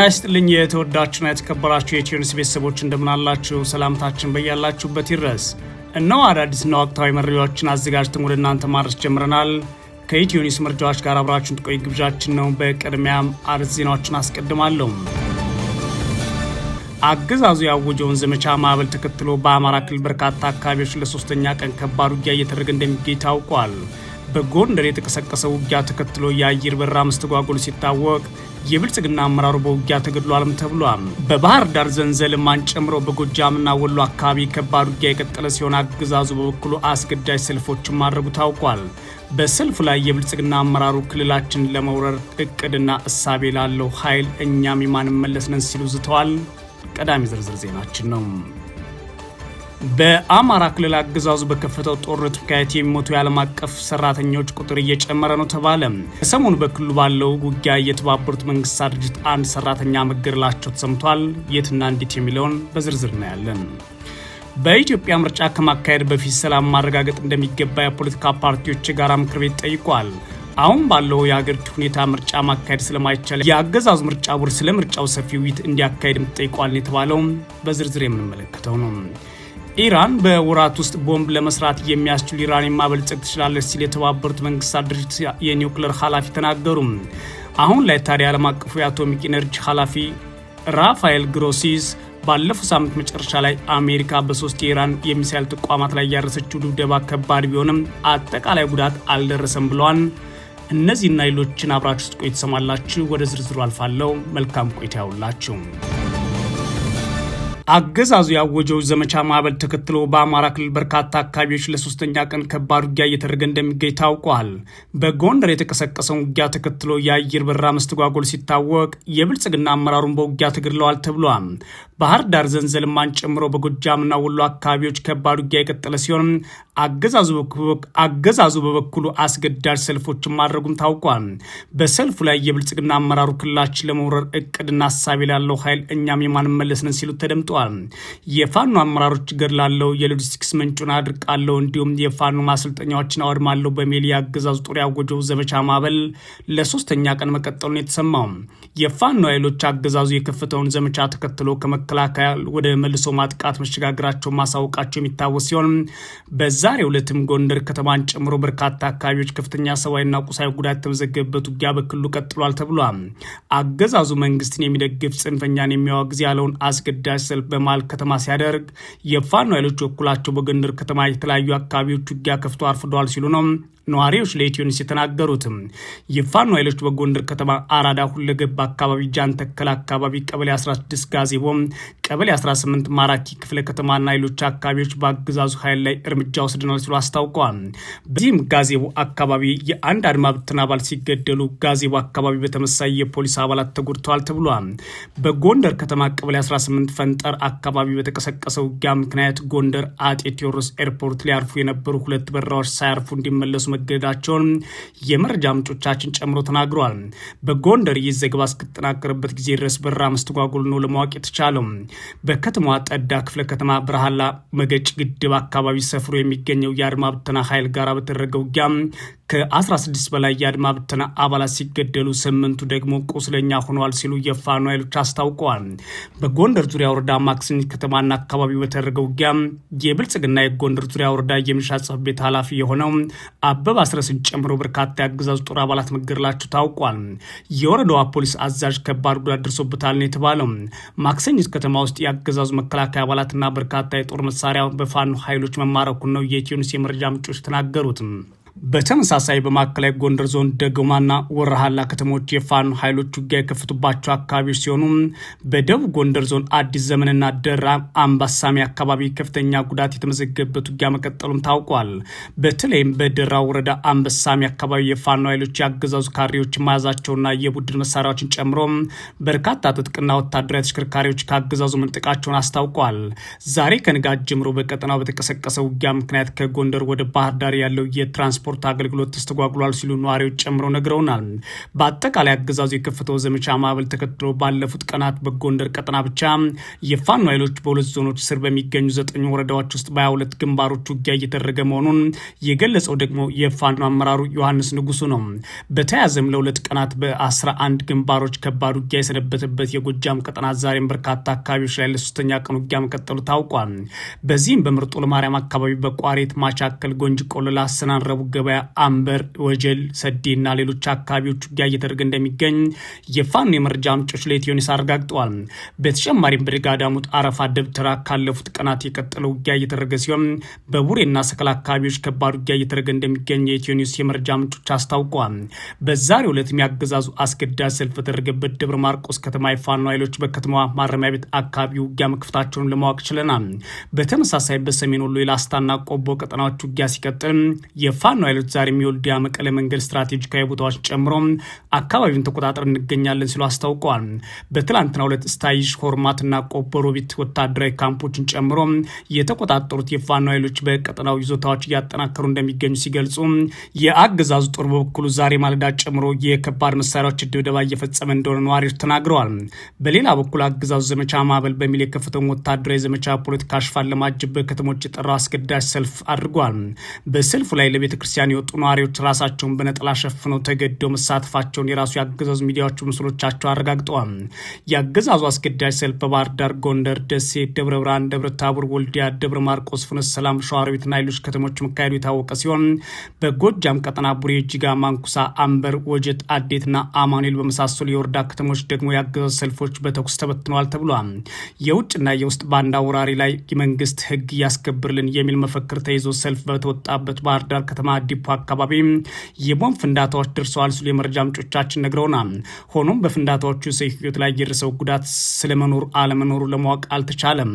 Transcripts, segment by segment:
ጤና ይስጥልኝ የተወዳችሁና የተከበራችሁ የኢትዮኒውስ ቤተሰቦች እንደምናላችሁ ሰላምታችን በያላችሁበት ይድረስ። እነው አዳዲስና ወቅታዊ መረጃዎችን አዘጋጅተን ወደ እናንተ ማድረስ ጀምረናል። ኒውስ መረጃዎች ጋር አብራችሁን ጥቆይ ግብዣችን ነው። በቅድሚያም አርዕስተ ዜናዎችን አስቀድማለሁ። አገዛዙ ያወጀውን ዘመቻ ማዕበል ተከትሎ በአማራ ክልል በርካታ አካባቢዎች ለሶስተኛ ቀን ከባድ ውጊያ እየተደረገ እንደሚገኝ ታውቋል። በጎንደር የተቀሰቀሰ ውጊያ ተከትሎ የአየር በረራ መስተጓጎሉ ሲታወቅ የብልጽግና አመራሩ በውጊያ ተገድሏልም ተብሏል። በባህር ዳር ዘንዘልማን ጨምሮ በጎጃምና ወሎ አካባቢ ከባድ ውጊያ የቀጠለ ሲሆን አገዛዙ በበኩሉ አስገዳጅ ሰልፎችን ማድረጉ ታውቋል። በሰልፉ ላይ የብልጽግና አመራሩ ክልላችን ለመውረር እቅድና እሳቤ ላለው ኃይል እኛም የማንመለስ ነን ሲሉ ዝተዋል። ቀዳሚ ዝርዝር ዜናችን ነው። በአማራ ክልል አገዛዙ በከፈተው ጦርነት ምክንያት የሚሞቱ የዓለም አቀፍ ሰራተኞች ቁጥር እየጨመረ ነው ተባለ። ሰሞኑ በክልሉ ባለው ውጊያ የተባበሩት መንግስታት ድርጅት አንድ ሰራተኛ መገደላቸው ተሰምቷል። የትና እንዴት የሚለውን በዝርዝር እናያለን። በኢትዮጵያ ምርጫ ከማካሄድ በፊት ሰላም ማረጋገጥ እንደሚገባ የፖለቲካ ፓርቲዎች የጋራ ምክር ቤት ጠይቋል። አሁን ባለው የሀገሪቱ ሁኔታ ምርጫ ማካሄድ ስለማይቻል የአገዛዙ ምርጫ ቦርድ ስለ ምርጫው ሰፊ ውይይት እንዲያካሄድም ጠይቋል የተባለው በዝርዝር የምንመለከተው ነው። ኢራን በወራት ውስጥ ቦምብ ለመስራት የሚያስችሉ ኢራን ማበልጸግ ትችላለች ሲል የተባበሩት መንግስታት ድርጅት የኒውክሌር ኃላፊ ተናገሩ። አሁን ላይ ታዲያ ዓለም አቀፉ የአቶሚክ ኢነርጂ ኃላፊ ራፋኤል ግሮሲስ ባለፈው ሳምንት መጨረሻ ላይ አሜሪካ በሶስት የኢራን የሚሳይል ተቋማት ላይ ያደረሰችው ድብደባ ከባድ ቢሆንም አጠቃላይ ጉዳት አልደረሰም ብለዋል። እነዚህና ሌሎችን አብራችሁ ውስጥ ቆይ የተሰማላችሁ። ወደ ዝርዝሩ አልፋለሁ። መልካም ቆይታ ያውላችሁ። አገዛዙ ያወጀው ዘመቻ ማዕበል ተከትሎ በአማራ ክልል በርካታ አካባቢዎች ለሶስተኛ ቀን ከባድ ውጊያ እየተደረገ እንደሚገኝ ታውቋል። በጎንደር የተቀሰቀሰውን ውጊያ ተከትሎ የአየር በረራ መስተጓጎል ሲታወቅ የብልጽግና አመራሩን በውጊያ ተገድለዋል ተብሏል። ባህር ዳር ዘንዘልማን ጨምሮ በጎጃምና ወሎ አካባቢዎች ከባድ ውጊያ የቀጠለ ሲሆን አገዛዙ በበኩሉ አስገዳጅ ሰልፎችን ማድረጉም ታውቋል። በሰልፉ ላይ የብልጽግና አመራሩ ክልላችን ለመውረር እቅድና ሀሳብ ላለው ኃይል እኛም የማንመለስንን ሲሉ ተደምጠዋል። ተናግረዋል። የፋኖ አመራሮች ገድላለሁ፣ የሎጂስቲክስ ምንጩን አድርቃለሁ፣ እንዲሁም የፋኖ ማሰልጠኛዎችን አወድማለሁ በሚል የአገዛዙ ጦር ያወጀው ዘመቻ ማዕበል ለሶስተኛ ቀን መቀጠሉን የተሰማው የፋኖ ኃይሎች አገዛዙ የከፈተውን ዘመቻ ተከትሎ ከመከላከያ ወደ መልሶ ማጥቃት መሸጋገራቸው ማሳወቃቸው የሚታወስ ሲሆን በዛሬ ሁለትም ጎንደር ከተማን ጨምሮ በርካታ አካባቢዎች ከፍተኛ ሰብአዊና ቁሳዊ ጉዳት የተመዘገበበት ውጊያ በክልሉ ቀጥሏል ተብሏል። አገዛዙ መንግስትን የሚደግፍ ጽንፈኛን የሚያወግዝ ያለውን አስገዳጅ ሰልፍ በመሃል ከተማ ሲያደርግ የፋኖ ኃይሎች በኩላቸው በጎንደር ከተማ የተለያዩ አካባቢዎች ውጊያ ከፍቶ አርፍደዋል ሲሉ ነው ነዋሪዎች ለኢትዮ ኒውስ የተናገሩትም የፋኖ ኃይሎች በጎንደር ከተማ አራዳ ሁለገብ አካባቢ ጃንተከል አካባቢ ቀበሌ 16 ጋዜቦ ቀበሌ 18 ማራኪ ክፍለ ከተማና ሌሎች አካባቢዎች በአገዛዙ ኃይል ላይ እርምጃ ወስደናል ሲሉ አስታውቀዋል። በዚህም ጋዜቦ አካባቢ የአንድ አድማ አባል ሲገደሉ፣ ጋዜቦ አካባቢ በተመሳይ የፖሊስ አባላት ተጎድተዋል ተብሏል። በጎንደር ከተማ ቀበሌ 18 ፈንጠር አካባቢ በተቀሰቀሰው ውጊያ ምክንያት ጎንደር አጤ ቴዎድሮስ ኤርፖርት ሊያርፉ የነበሩ ሁለት በረራዎች ሳያርፉ እንዲመለሱ መገደዳቸውን የመረጃ ምንጮቻችን ጨምሮ ተናግረዋል። በጎንደር ይህ ዘገባ እስክጠናቀርበት ጊዜ ድረስ በራ መስተጓጎል ነው ለማወቅ የተቻለው። በከተማዋ ጠዳ ክፍለ ከተማ ብርሃላ መገጭ ግድብ አካባቢ ሰፍሮ የሚገኘው የአድማ ብተና ኃይል ጋር በተደረገ ውጊያ ከ16 በላይ የአድማ ብተና አባላት ሲገደሉ ስምንቱ ደግሞ ቁስለኛ ሆኗል ሲሉ የፋኖ ኃይሎች አስታውቀዋል። በጎንደር ዙሪያ ወረዳ ማክሰኝት ከተማና አካባቢ በተደረገ ውጊያ የብልጽግና የጎንደር ዙሪያ ወረዳ የሚሊሻ ጽሕፈት ቤት ኃላፊ የሆነው አበብ አስረስን ጨምሮ በርካታ የአገዛዙ ጦር አባላት መገደላቸው ታውቋል። የወረዳዋ ፖሊስ አዛዥ ከባድ ጉዳት ደርሶበታል ነው የተባለው። ማክሰኝት ከተማ ውስጥ የአገዛዙ መከላከያ አባላትና በርካታ የጦር መሳሪያ በፋኖ ኃይሎች መማረኩን ነው የኢትዮኒውስ የመረጃ ምንጮች ተናገሩት። በተመሳሳይ በማዕከላዊ ጎንደር ዞን ደገማና ወረሃላ ከተሞች የፋኖ ኃይሎች ውጊያ የከፈቱባቸው አካባቢዎች ሲሆኑ በደቡብ ጎንደር ዞን አዲስ ዘመንና ደራ አምባሳሚ አካባቢ ከፍተኛ ጉዳት የተመዘገበት ውጊያ መቀጠሉም ታውቋል። በተለይም በደራ ወረዳ አንበሳሚ አካባቢ የፋኖ ኃይሎች የአገዛዙ ካሬዎች መያዛቸውና የቡድን መሳሪያዎችን ጨምሮ በርካታ ትጥቅና ወታደራዊ ተሽከርካሪዎች ከአገዛዙ መንጠቃቸውን አስታውቋል። ዛሬ ከንጋት ጀምሮ በቀጠናው በተቀሰቀሰ ውጊያ ምክንያት ከጎንደር ወደ ባህር ዳር ያለው የትራንስፖርት የትራንስፖርት አገልግሎት ተስተጓጉሏል ሲሉ ነዋሪዎች ጨምሮ ነግረውናል። በአጠቃላይ አገዛዙ የከፈተው ዘመቻ ማዕበል ተከትሎ ባለፉት ቀናት በጎንደር ቀጠና ብቻ የፋኖ ኃይሎች በሁለት ዞኖች ስር በሚገኙ ዘጠኝ ወረዳዎች ውስጥ በ ሁለት ግንባሮች ውጊያ እየተደረገ መሆኑን የገለጸው ደግሞ የፋኖ አመራሩ ዮሐንስ ንጉሱ ነው። በተያያዘም ለሁለት ቀናት በ11 ግንባሮች ከባድ ውጊያ የሰነበተበት የጎጃም ቀጠና ዛሬም በርካታ አካባቢዎች ላይ ለሶስተኛ ቀን ውጊያ መቀጠሉ ታውቋል። በዚህም በምርጦ ለማርያም አካባቢ በቋሬት ማቻከል፣ ጎንጅ ቆለላ፣ ስናን፣ ረቡዕ ገበያ፣ አንበር፣ ወጀል፣ እና ሌሎች አካባቢዎች ውጊያ እየተደረገ እንደሚገኝ የፋኖ የመረጃ ምንጮች ለኢትዮኒስ አረጋግጠዋል። በተጨማሪም ብርጋዳሙት አረፋ ደብተራ ካለፉት ቀናት የቀጠለ ውጊያ እየተደረገ ሲሆን በቡሬና ሰከላ አካባቢዎች ከባድ ውጊያ እየተደረገ እንደሚገኝ የኢትዮኒስ የመረጃ ምንጮች አስታውቀዋል። በዛሬው ዕለትም የሚያገዛዙ አስገዳጅ ሰልፍ በተደረገበት ደብረ ማርቆስ ከተማ የፋኖ ኃይሎች በከተማዋ ማረሚያ ቤት አካባቢ ውጊያ መክፈታቸውን ለማወቅ ችለናል። በተመሳሳይ በሰሜን ወሎ የላስታና ቆቦ ቀጠናዎች ውጊያ ሲቀጥል የፋኖ የፋኖ ኃይሎች ዛሬም የወልዲያ መቀለ መንገድ ስትራቴጂካዊ ቦታዎች ጨምሮ አካባቢውን ተቆጣጠር እንገኛለን ሲሉ አስታውቀዋል። በትላንትና ሁለት ስታይሽ ሆርማትና ቆቦሮቢት ወታደራዊ ካምፖችን ጨምሮ የተቆጣጠሩት የፋኖ ኃይሎች በቀጠናው ይዞታዎች እያጠናከሩ እንደሚገኙ ሲገልጹ፣ የአገዛዙ ጦር በበኩሉ ዛሬ ማለዳ ጨምሮ የከባድ መሳሪያዎች ድብደባ እየፈጸመ እንደሆነ ነዋሪዎች ተናግረዋል። በሌላ በኩል አገዛዙ ዘመቻ ማዕበል በሚል የከፍተውን ወታደራዊ ዘመቻ ፖለቲካ ሽፋን ለማጅብ ከተሞች የጠራው አስገዳጅ ሰልፍ አድርጓል። በሰልፉ ላይ ለቤተክርስቲያን ቤተክርስቲያን የወጡ ነዋሪዎች ራሳቸውን በነጠላ ሸፍነው ተገደው መሳተፋቸውን የራሱ የአገዛዙ ሚዲያዎች ምስሎቻቸው አረጋግጠዋል። የአገዛዙ አስገዳጅ ሰልፍ በባህር ዳር፣ ጎንደር፣ ደሴ፣ ደብረ ብርሃን፣ ደብረ ታቦር፣ ወልዲያ፣ ደብረ ማርቆስ፣ ፍኖተ ሰላም፣ ሸዋሮቢትና ሌሎች ከተሞች መካሄዱ የታወቀ ሲሆን በጎጃም ቀጠና ቡሬ፣ ጅጋ፣ ማንኩሳ፣ አንበር፣ ወጀት፣ አዴትና አማኑኤል በመሳሰሉ የወረዳ ከተሞች ደግሞ የአገዛዙ ሰልፎች በተኩስ ተበትነዋል ተብሏል። የውጭና የውስጥ ባንዳ ወራሪ ላይ የመንግስት ህግ እያስከብርልን የሚል መፈክር ተይዞ ሰልፍ በተወጣበት ባህር ዳር ከተማ ማዲፖ አካባቢ የቦምብ ፍንዳታዎች ደርሰዋል ሲሉ የመረጃ ምንጮቻችን ነግረውናል። ሆኖም በፍንዳታዎቹ ሰው ህይወት ላይ የደረሰው ጉዳት ስለመኖር አለመኖሩ ለማወቅ አልተቻለም።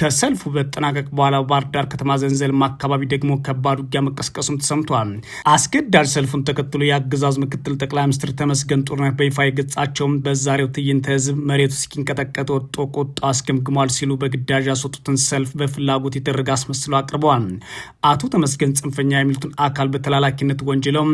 ከሰልፉ በጠናቀቅ በኋላ ባህር ዳር ከተማ ዘንዘልማ አካባቢ ደግሞ ከባድ ውጊያ መቀስቀሱም ተሰምቷል። አስገዳጅ ሰልፉን ተከትሎ የአገዛዙ ምክትል ጠቅላይ ሚኒስትር ተመስገን ጦርነት በይፋ የገጻቸውም በዛሬው ትዕይንተ ህዝብ መሬቱ እስኪንቀጠቀጥ ወጦ ቆጦ አስገምግሟል ሲሉ በግዳጅ ያስወጡትን ሰልፍ በፍላጎት የተደረገ አስመስሎ አቅርበዋል። አቶ ተመስገን ጽንፈኛ የሚሉትን አካል በተላላኪነት ወንጅለው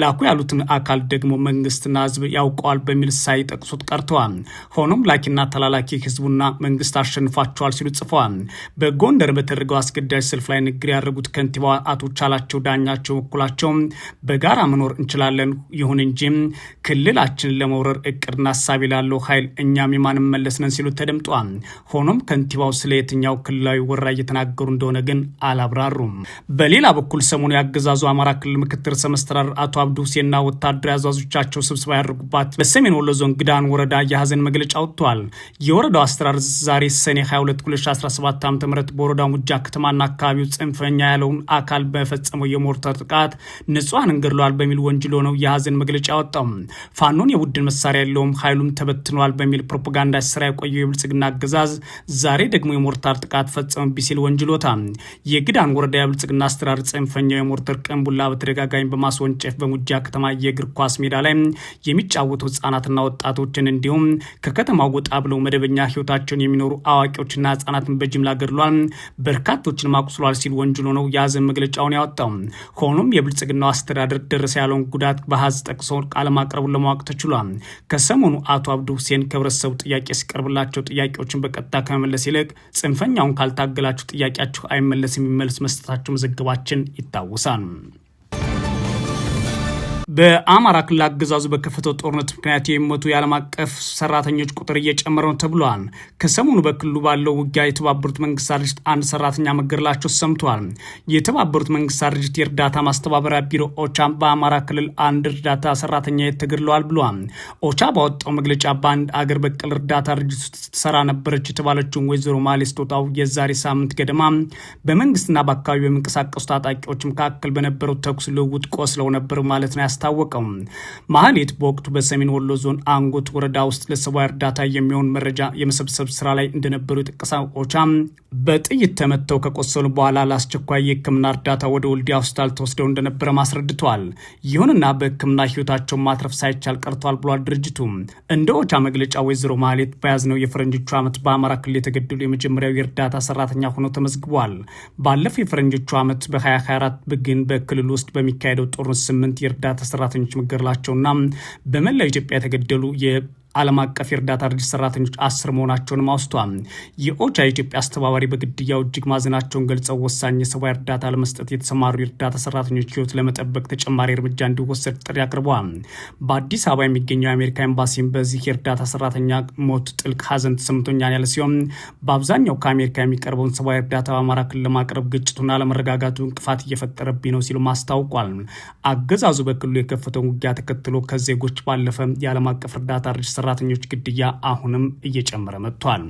ላኩ ያሉትን አካል ደግሞ መንግስትና ህዝብ ያውቀዋል በሚል ሳይጠቅሱት ቀርተዋል። ሆኖም ላኪና ተላላኪ ህዝቡና መንግስት አሸንፏቸዋል ሲሉ ጽፏል። ተናግረዋል። በጎንደር በተደረገው አስገዳጅ ሰልፍ ላይ ንግግር ያደረጉት ከንቲባ አቶ ቻላቸው ዳኛቸው በኩላቸው በጋራ መኖር እንችላለን፣ ይሁን እንጂ ክልላችንን ለመውረር እቅድና ሀሳብ ላለው ኃይል እኛም የማንመለስ ነን ሲሉ ተደምጧል። ሆኖም ከንቲባው ስለ የትኛው ክልላዊ ወራ እየተናገሩ እንደሆነ ግን አላብራሩም። በሌላ በኩል ሰሞኑ ያገዛዙ አማራ ክልል ምክትል ርዕሰ መስተዳድር አቶ አብዱ ሁሴንና ወታደራዊ አዛዦቻቸው ስብሰባ ያደርጉባት በሰሜን ወሎ ዞን ግዳን ወረዳ የሀዘን መግለጫ አውጥተዋል። የወረዳው አስተዳደር ዛሬ ሰኔ 22 2017 ዓ ም በወረዳ ሙጃ ከተማና አካባቢው ጽንፈኛ ያለውን አካል በፈጸመው የሞርተር ጥቃት ንጹሐን እንገድለዋል በሚል ወንጅሎ ነው የሀዘን መግለጫ ያወጣው። ፋኖን የቡድን መሳሪያ የለውም ኃይሉም ተበትኗል በሚል ፕሮፓጋንዳ ስራ የቆየው የብልጽግና አገዛዝ ዛሬ ደግሞ የሞርታር ጥቃት ፈጸመብኝ ሲል ወንጅሎታ። የግዳን ወረዳ የብልጽግና አስተዳደር ጽንፈኛው የሞርተር ቀንቡላ በተደጋጋሚ በማስወንጨፍ በሙጃ ከተማ የእግር ኳስ ሜዳ ላይ የሚጫወቱ ህጻናትና ወጣቶችን እንዲሁም ከከተማው ወጣ ብለው መደበኛ ህይወታቸውን የሚኖሩ አዋቂዎችና ህጻናትን በጅምላ ገድሏል፣ በርካቶችን ማቁስሏል ሲል ወንጅሎ ነው የሐዘን መግለጫውን ያወጣው። ሆኖም የብልጽግናው አስተዳደር ደረሰ ያለውን ጉዳት በሀዝ ጠቅሶ ቃለ ማቅረቡን ለማወቅ ተችሏል። ከሰሞኑ አቶ አብዱ ሁሴን ከህብረተሰቡ ጥያቄ ሲቀርብላቸው ጥያቄዎችን በቀጥታ ከመመለስ ይልቅ ጽንፈኛውን ካልታገላችሁ ጥያቄያችሁ አይመለስ የሚመልስ መስጠታቸው መዘገባችን ይታወሳል። በአማራ ክልል አገዛዙ በከፈተው ጦርነት ምክንያት የሚሞቱ የዓለም አቀፍ ሰራተኞች ቁጥር እየጨመረ ነው ተብሏል። ከሰሞኑ በክልሉ ባለው ውጊያ የተባበሩት መንግስታት ድርጅት አንድ ሰራተኛ መገደላቸው ሰምቷል። የተባበሩት መንግስታት ድርጅት የእርዳታ ማስተባበሪያ ቢሮ ኦቻ በአማራ ክልል አንድ እርዳታ ሰራተኛ ተገድለዋል ብሏል። ኦቻ ባወጣው መግለጫ በአንድ አገር በቀል እርዳታ ድርጅት ውስጥ ትሰራ ነበረች የተባለችውን ወይዘሮ ማሌስቶታው የዛሬ ሳምንት ገደማ በመንግስትና በአካባቢ በሚንቀሳቀሱ ታጣቂዎች መካከል በነበረው ተኩስ ልውውጥ ቆስለው ነበር ማለት ነው ያስታ አስታወቀው። ማህሌት በወቅቱ በሰሜን ወሎ ዞን አንጎት ወረዳ ውስጥ ለሰብአዊ እርዳታ የሚሆን መረጃ የመሰብሰብ ስራ ላይ እንደነበሩ የጠቀሰው ኦቻ በጥይት ተመተው ከቆሰሉ በኋላ ለአስቸኳይ የህክምና እርዳታ ወደ ወልዲያ ሆስፒታል ተወስደው እንደነበረ አስረድተዋል። ይሁንና በህክምና ህይወታቸውን ማትረፍ ሳይቻል ቀርቷል ብሏል ድርጅቱ። እንደ ኦቻ መግለጫ ወይዘሮ ማህሌት በያዝነው የፈረንጆቹ ዓመት በአማራ ክልል የተገደሉ የመጀመሪያው የእርዳታ ሰራተኛ ሆነው ተመዝግቧል። ባለፈው የፈረንጆቹ ዓመት በ2024 ግን በክልል ውስጥ በሚካሄደው ጦርነት ስምንት የእርዳታ ሰራተኞች መገደላቸውና በመላው ኢትዮጵያ የተገደሉ የ ዓለም አቀፍ የእርዳታ ድርጅት ሰራተኞች አስር መሆናቸውንም አውስቷል። የኦቻ ኢትዮጵያ አስተባባሪ በግድያው እጅግ ማዘናቸውን ገልጸው ወሳኝ የሰብአዊ እርዳታ ለመስጠት የተሰማሩ የእርዳታ ሰራተኞች ህይወት ለመጠበቅ ተጨማሪ እርምጃ እንዲወሰድ ጥሪ አቅርበዋል። በአዲስ አበባ የሚገኘው የአሜሪካ ኤምባሲም በዚህ የእርዳታ ሰራተኛ ሞት ጥልቅ ሀዘን ተሰምቶኛል ያለ ሲሆን በአብዛኛው ከአሜሪካ የሚቀርበውን ሰብአዊ እርዳታ በአማራ ክልል ለማቅረብ ግጭቱና ለመረጋጋቱ እንቅፋት እየፈጠረብኝ ነው ሲሉም አስታውቋል። አገዛዙ በክልሉ የከፈተውን ውጊያ ተከትሎ ከዜጎች ባለፈ የዓለም አቀፍ እርዳታ ድርጅት ሰራተኞች ግድያ አሁንም እየጨመረ መጥቷል።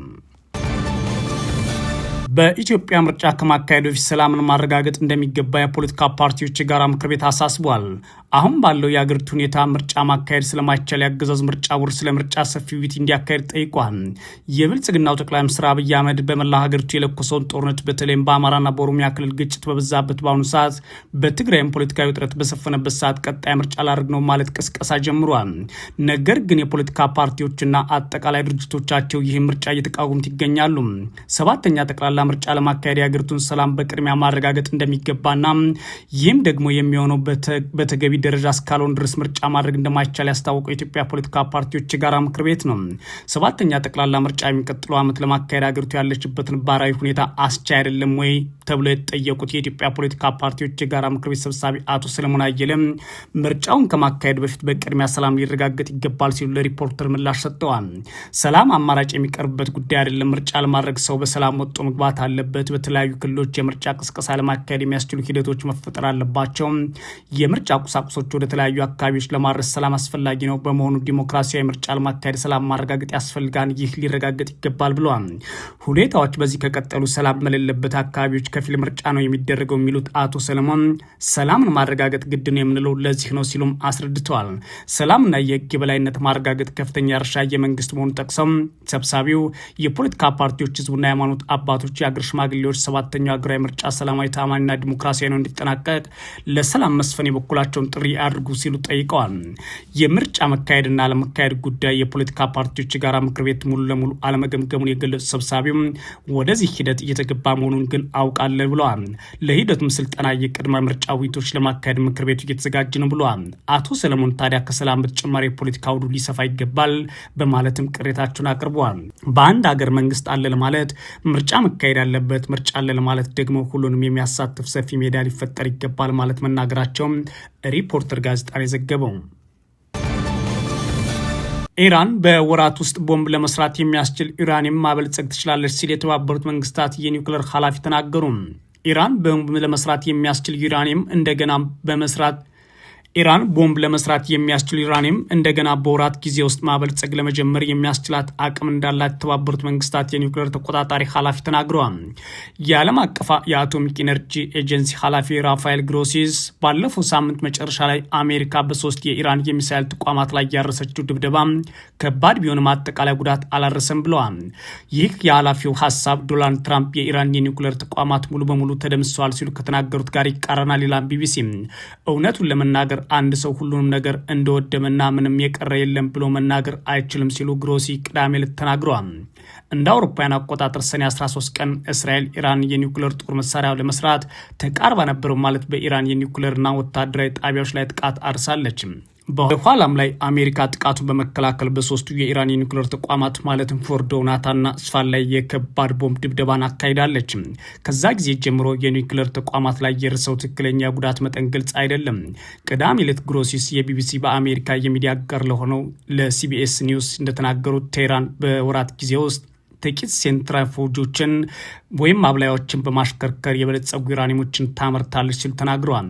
በኢትዮጵያ ምርጫ ከማካሄዱ በፊት ሰላምን ማረጋገጥ እንደሚገባ የፖለቲካ ፓርቲዎች የጋራ ምክር ቤት አሳስቧል። አሁን ባለው የአገሪቱ ሁኔታ ምርጫ ማካሄድ ስለማይቻል ያገዛዝ ምርጫ ቦርድ ስለ ምርጫ ሰፊ ውይይት እንዲያካሄድ ጠይቋል። የብልጽግናው ጠቅላይ ሚኒስትር አብይ አህመድ በመላ ሀገሪቱ የለኮሰውን ጦርነት በተለይም በአማራና በኦሮሚያ ክልል ግጭት በበዛበት በአሁኑ ሰዓት በትግራይም ፖለቲካዊ ውጥረት በሰፈነበት ሰዓት ቀጣይ ምርጫ ላድርግ ነው ማለት ቅስቀሳ ጀምሯል። ነገር ግን የፖለቲካ ፓርቲዎችና አጠቃላይ ድርጅቶቻቸው ይህን ምርጫ እየተቃወሙት ይገኛሉ። ሰባተኛ ጠቅላላ ምርጫ ለማካሄድ የሀገሪቱን ሰላም በቅድሚያ ማረጋገጥ እንደሚገባና ይህም ደግሞ የሚሆነው በተገቢ ደረጃ እስካልሆን ድረስ ምርጫ ማድረግ እንደማይቻል ያስታወቀው የኢትዮጵያ ፖለቲካ ፓርቲዎች የጋራ ምክር ቤት ነው። ሰባተኛ ጠቅላላ ምርጫ የሚቀጥለው ዓመት ለማካሄድ ሀገሪቱ ያለችበትን ባህራዊ ሁኔታ አስቻ አይደለም ወይ ተብሎ የተጠየቁት የኢትዮጵያ ፖለቲካ ፓርቲዎች የጋራ ምክር ቤት ሰብሳቢ አቶ ሰለሞን አየለም ምርጫውን ከማካሄድ በፊት በቅድሚያ ሰላም ሊረጋገጥ ይገባል ሲሉ ለሪፖርተር ምላሽ ሰጥተዋል። ሰላም አማራጭ የሚቀርብበት ጉዳይ አይደለም። ምርጫ ለማድረግ ሰው በሰላም ወጥቶ መግባት አለበት። በተለያዩ ክልሎች የምርጫ ቅስቀሳ ለማካሄድ የሚያስችሉ ሂደቶች መፈጠር አለባቸው። የምርጫ ቁሳቁስ ቁሳቁሶች ወደ ተለያዩ አካባቢዎች ለማድረስ ሰላም አስፈላጊ ነው። በመሆኑ ዲሞክራሲያዊ ምርጫ ለማካሄድ ሰላም ማረጋገጥ ያስፈልጋል። ይህ ሊረጋገጥ ይገባል ብለዋል። ሁኔታዎች በዚህ ከቀጠሉ ሰላም በሌለበት አካባቢዎች ከፊል ምርጫ ነው የሚደረገው የሚሉት አቶ ሰለሞን ሰላምን ማረጋገጥ ግድ ነው የምንለው ለዚህ ነው ሲሉም አስረድተዋል። ሰላምና የህግ የበላይነት ማረጋገጥ ከፍተኛ እርሻ የመንግስት መሆኑ ጠቅሰው ሰብሳቢው የፖለቲካ ፓርቲዎች፣ ህዝቡና ሃይማኖት አባቶች፣ የአገር ሽማግሌዎች ሰባተኛው ሀገራዊ ምርጫ ሰላማዊ፣ ታማኝና ዲሞክራሲያዊ ነው እንዲጠናቀቅ ለሰላም መስፈን የበኩላቸውን ጥሪ አድርጉ ሲሉ ጠይቀዋል። የምርጫ መካሄድና አለመካሄድ ጉዳይ የፖለቲካ ፓርቲዎች የጋራ ምክር ቤት ሙሉ ለሙሉ አለመገምገሙን የገለጹ ሰብሳቢውም ወደዚህ ሂደት እየተገባ መሆኑን ግን አውቃለ ብለዋል። ለሂደቱም ስልጠና የቅድመ ምርጫ ውይይቶች ለማካሄድ ምክር ቤቱ እየተዘጋጀ ነው ብለዋል። አቶ ሰለሞን ታዲያ ከሰላም በተጨማሪ የፖለቲካ ውዱ ሊሰፋ ይገባል በማለትም ቅሬታቸውን አቅርበዋል። በአንድ ሀገር መንግስት አለ ለማለት ምርጫ መካሄድ ያለበት፣ ምርጫ አለ ለማለት ደግሞ ሁሉንም የሚያሳትፍ ሰፊ ሜዳ ሊፈጠር ይገባል ማለት መናገራቸውም ሪፖ ሪፖርተር ጋዜጣ የዘገበው። ኢራን በወራት ውስጥ ቦምብ ለመስራት የሚያስችል ዩራኒየም ማበልጸግ ትችላለች ሲል የተባበሩት መንግስታት የኒውክሌር ኃላፊ ተናገሩ። ኢራን ቦምብ ለመስራት የሚያስችል ዩራኒየም እንደገና በመስራት ኢራን ቦምብ ለመስራት የሚያስችል ዩራኒየም እንደገና በወራት ጊዜ ውስጥ ማበልጸግ ለመጀመር የሚያስችላት አቅም እንዳላት የተባበሩት መንግስታት የኒውክሌር ተቆጣጣሪ ኃላፊ ተናግረዋል። የዓለም አቀፍ የአቶሚክ ኢነርጂ ኤጀንሲ ኃላፊ ራፋኤል ግሮሲስ ባለፈው ሳምንት መጨረሻ ላይ አሜሪካ በሶስት የኢራን የሚሳይል ተቋማት ላይ ያረሰችው ድብደባ ከባድ ቢሆንም አጠቃላይ ጉዳት አላረሰም ብለዋል። ይህ የኃላፊው ሀሳብ ዶናልድ ትራምፕ የኢራን የኒውክሌር ተቋማት ሙሉ በሙሉ ተደምሰዋል ሲሉ ከተናገሩት ጋር ይቃረናል ይላል ቢቢሲ። እውነቱን ለመናገር አንድ ሰው ሁሉንም ነገር እንደወደመና ምንም የቀረ የለም ብሎ መናገር አይችልም ሲሉ ግሮሲ ቅዳሜ ዕለት ተናግረዋል። እንደ አውሮፓውያን አቆጣጠር ሰኔ 13 ቀን እስራኤል ኢራን የኒውክሌር ጦር መሳሪያ ለመስራት ተቃርባ ነበረው ማለት በኢራን የኒውክሌርና ወታደራዊ ጣቢያዎች ላይ ጥቃት አርሳለች። በኋላም ላይ አሜሪካ ጥቃቱን በመከላከል በሶስቱ የኢራን የኒውክሌር ተቋማት ማለትም ፎርዶ፣ ናታንና ስፋን ላይ የከባድ ቦምብ ድብደባን አካሂዳለች። ከዛ ጊዜ ጀምሮ የኒውክሌር ተቋማት ላይ የደረሰው ትክክለኛ ጉዳት መጠን ግልጽ አይደለም። ቅዳሜ ዕለት ግሮሲስ የቢቢሲ በአሜሪካ የሚዲያ አጋር ለሆነው ለሲቢኤስ ኒውስ እንደተናገሩት ቴህራን በወራት ጊዜ ውስጥ ጥቂት ሴንትራፎጆችን ወይም አብላያዎችን በማሽከርከር የበለጸጉ ዩራኒሞችን ታመርታለች ሲሉ ተናግረዋል።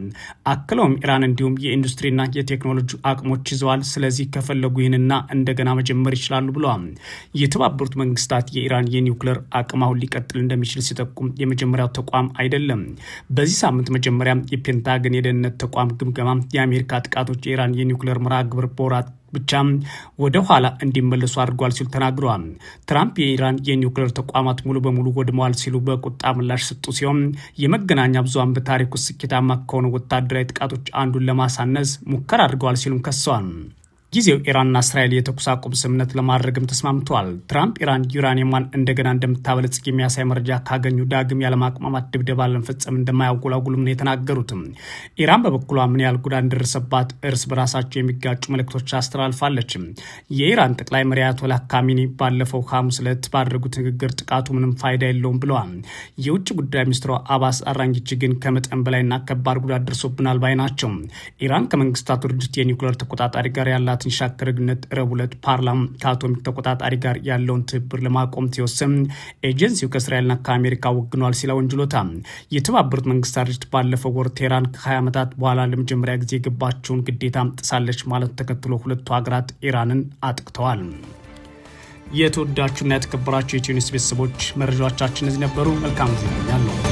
አክለውም ኢራን እንዲሁም የኢንዱስትሪና የቴክኖሎጂ አቅሞች ይዘዋል። ስለዚህ ከፈለጉ ይህንና እንደገና መጀመር ይችላሉ ብለዋል። የተባበሩት መንግስታት የኢራን የኒውክሌር አቅም አሁን ሊቀጥል እንደሚችል ሲጠቁም የመጀመሪያው ተቋም አይደለም። በዚህ ሳምንት መጀመሪያ የፔንታገን የደህንነት ተቋም ግምገማ የአሜሪካ ጥቃቶች የኢራን የኒውክሌር መርሃ ግብር በወራት ብቻም ወደ ኋላ እንዲመለሱ አድርጓል ሲሉ ተናግረዋል። ትራምፕ የኢራን የኒውክሌር ተቋማት ሙሉ በሙሉ ወድመዋል ሲሉ በቁጣ ምላሽ ሰጡ ሲሆን የመገናኛ ብዙሃን በታሪክ ውስጥ ስኬታማ ከሆኑ ወታደራዊ ጥቃቶች አንዱን ለማሳነስ ሙከራ አድርገዋል ሲሉም ከሰዋል። ጊዜው ኢራንና እስራኤል የተኩስ አቁም ስምምነት ለማድረግም ተስማምተዋል። ትራምፕ ኢራን ዩራኒየሟን እንደገና እንደምታበለጽግ የሚያሳይ መረጃ ካገኙ ዳግም ያለማቅማማት ድብደባ ለመፈጸም እንደማያጉላጉሉም ነው የተናገሩትም። ኢራን በበኩሏ ምን ያህል ጉዳት እንደደረሰባት እርስ በራሳቸው የሚጋጩ መልእክቶች አስተላልፋለች። የኢራን ጠቅላይ መሪ አያቶላህ ካሚኒ ባለፈው ሐሙስ ዕለት ባደረጉት ንግግር ጥቃቱ ምንም ፋይዳ የለውም ብለዋል። የውጭ ጉዳይ ሚኒስትሯ አባስ አራንጊች ግን ከመጠን በላይና ከባድ ጉዳት ደርሶብናል ባይ ናቸው። ኢራን ከመንግስታቱ ድርጅት የኒውክሌር ተቆጣጣሪ ጋር ያላት የዓመታት የሻከረ ረቡዕ ዕለት ከአቶሚክ ተቆጣጣሪ ጋር ያለውን ትብብር ለማቆም ሲወስን ኤጀንሲው ከእስራኤልና ከአሜሪካ ወግኗል ሲላ ወንጅሎታል። የተባበሩት መንግስታት ድርጅት ባለፈው ወር ቴህራን ከ20 ዓመታት በኋላ ለመጀመሪያ ጊዜ የገባቸውን ግዴታ ጥሳለች ማለት ተከትሎ ሁለቱ ሀገራት ኢራንን አጥቅተዋል። የተወዳችሁና የተከበራችሁ የኢትዮ ኒውስ ቤተሰቦች መረጃዎቻችን እዚህ ነበሩ። መልካም ጊዜ ነው።